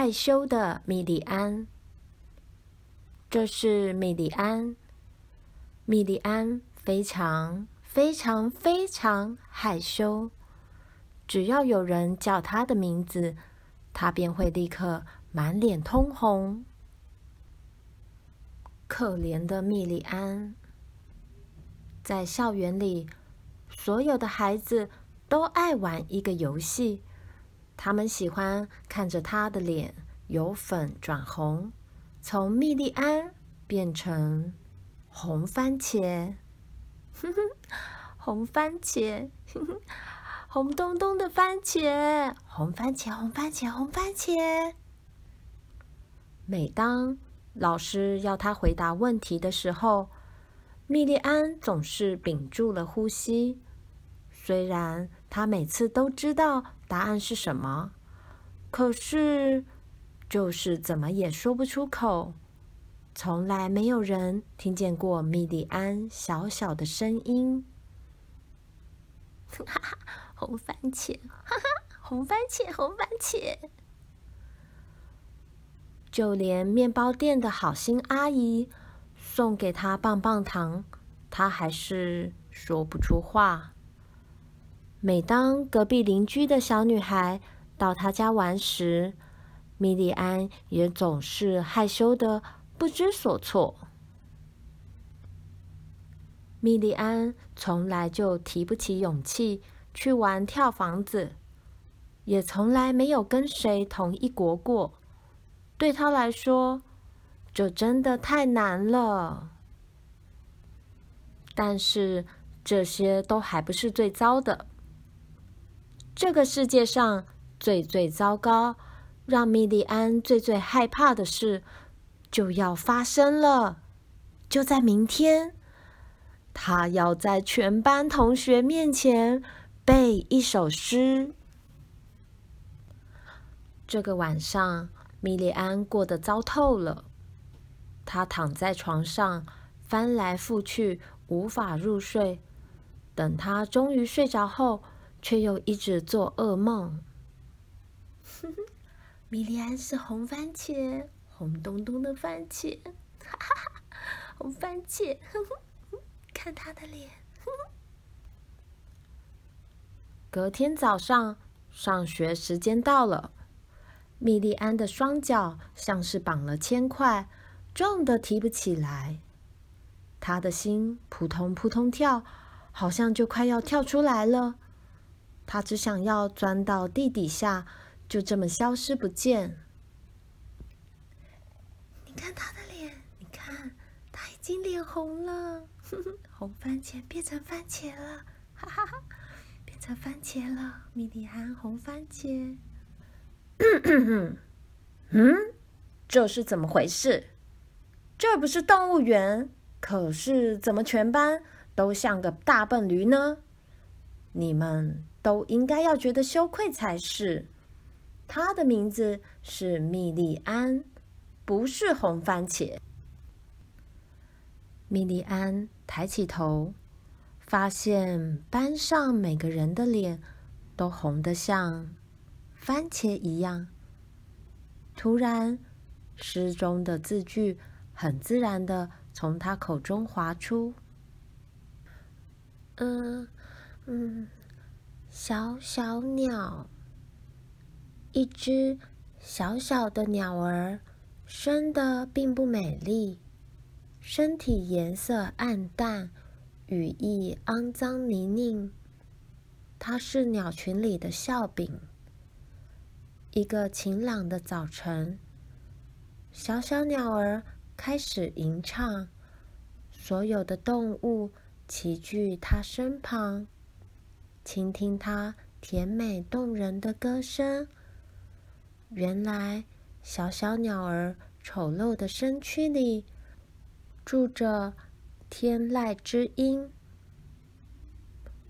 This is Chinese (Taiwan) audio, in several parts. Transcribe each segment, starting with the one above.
害羞的蜜莉安，這是蜜莉安。蜜莉安非常非常非常害羞，只要有人叫她的名字，她便會立刻滿臉通紅。可憐的蜜莉安，在校園裡，所有的孩子都愛玩一個遊戲。他們喜歡看着他的臉由粉轉紅，從蜜莉安變成紅番茄，哼哼，紅番茄，哼哼，紅彤彤的番茄，紅番茄，紅番茄，紅番茄。番茄，每當老師要他回答問題的時候，蜜莉安總是屏住了呼吸，雖然他每次都知道。答案是什麼。可是，就是怎麼也說不出口。從來沒有人聽見過蜜莉安小小的聲音。哈哈，紅番茄，哈哈，紅番茄，紅番茄。就連麵包店的好心阿姨送給她棒棒糖，她還是說不出話。每當隔壁鄰居的小女孩到她家玩時，蜜莉安也總是害羞得，不知所措。蜜莉安從來就提不起勇氣去玩跳房子，也從來沒有跟誰同一國過。對她來說，這真的太難了。但是這些都還不是最糟的。這個世界上最最糟糕，讓蜜莉安最最害怕的事就要發生了，就在明天，她要在全班同學面前背一首詩。這個晚上，蜜莉安過得糟透了，她躺在床上翻來覆去，無法入睡。等她終於睡着後，卻又一直做噩夢。哼哼，蜜莉安是紅番茄，紅彤彤的番茄，哈哈哈，紅番茄， 看他的臉。 隔天早上，上學時間到了，蜜莉安的雙腳像是綁了鉛塊，重的提不起來。她的心撲通撲通跳，好像就快要跳出來了。嗯他只想要鑽到地底下，就這麼消失不見。你看他的臉，你看他已經臉紅了， 紅番茄變成番茄了，哈哈哈，哈，變成番茄了，蜜莉安紅番茄。嗯 嗯，這是怎麼回事？這不是動物園，可是怎麼全班都像個大笨驢呢？你們都應該要覺得羞愧才是。他的名字是蜜莉安，不是紅番茄。蜜莉安抬起頭，發現班上每個人的臉都紅得像番茄一樣。突然，詩中的字句很自然的從他口中滑出：“嗯。”嗯，小小鳥，一隻小小的鳥兒，生得並不美麗，身體顏色暗淡，羽翼骯髒泥濘，它是鳥群裡的笑柄。一個晴朗的早晨，小小鳥兒開始吟唱，所有的動物齊聚它身旁。傾聽它甜美動人的歌聲。原來，小小鳥兒醜陋的身軀裡，住着天籟之音。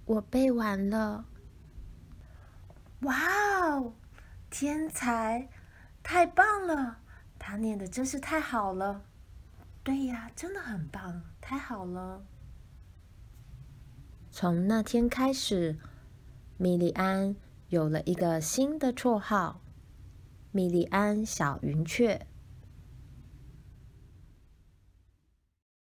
我背完了。哇哦，天才，太棒了！他念的真是太好了。對呀，真的很棒，太好了。從那天開始。蜜莉安有了一個新的綽號——蜜莉安小雲雀。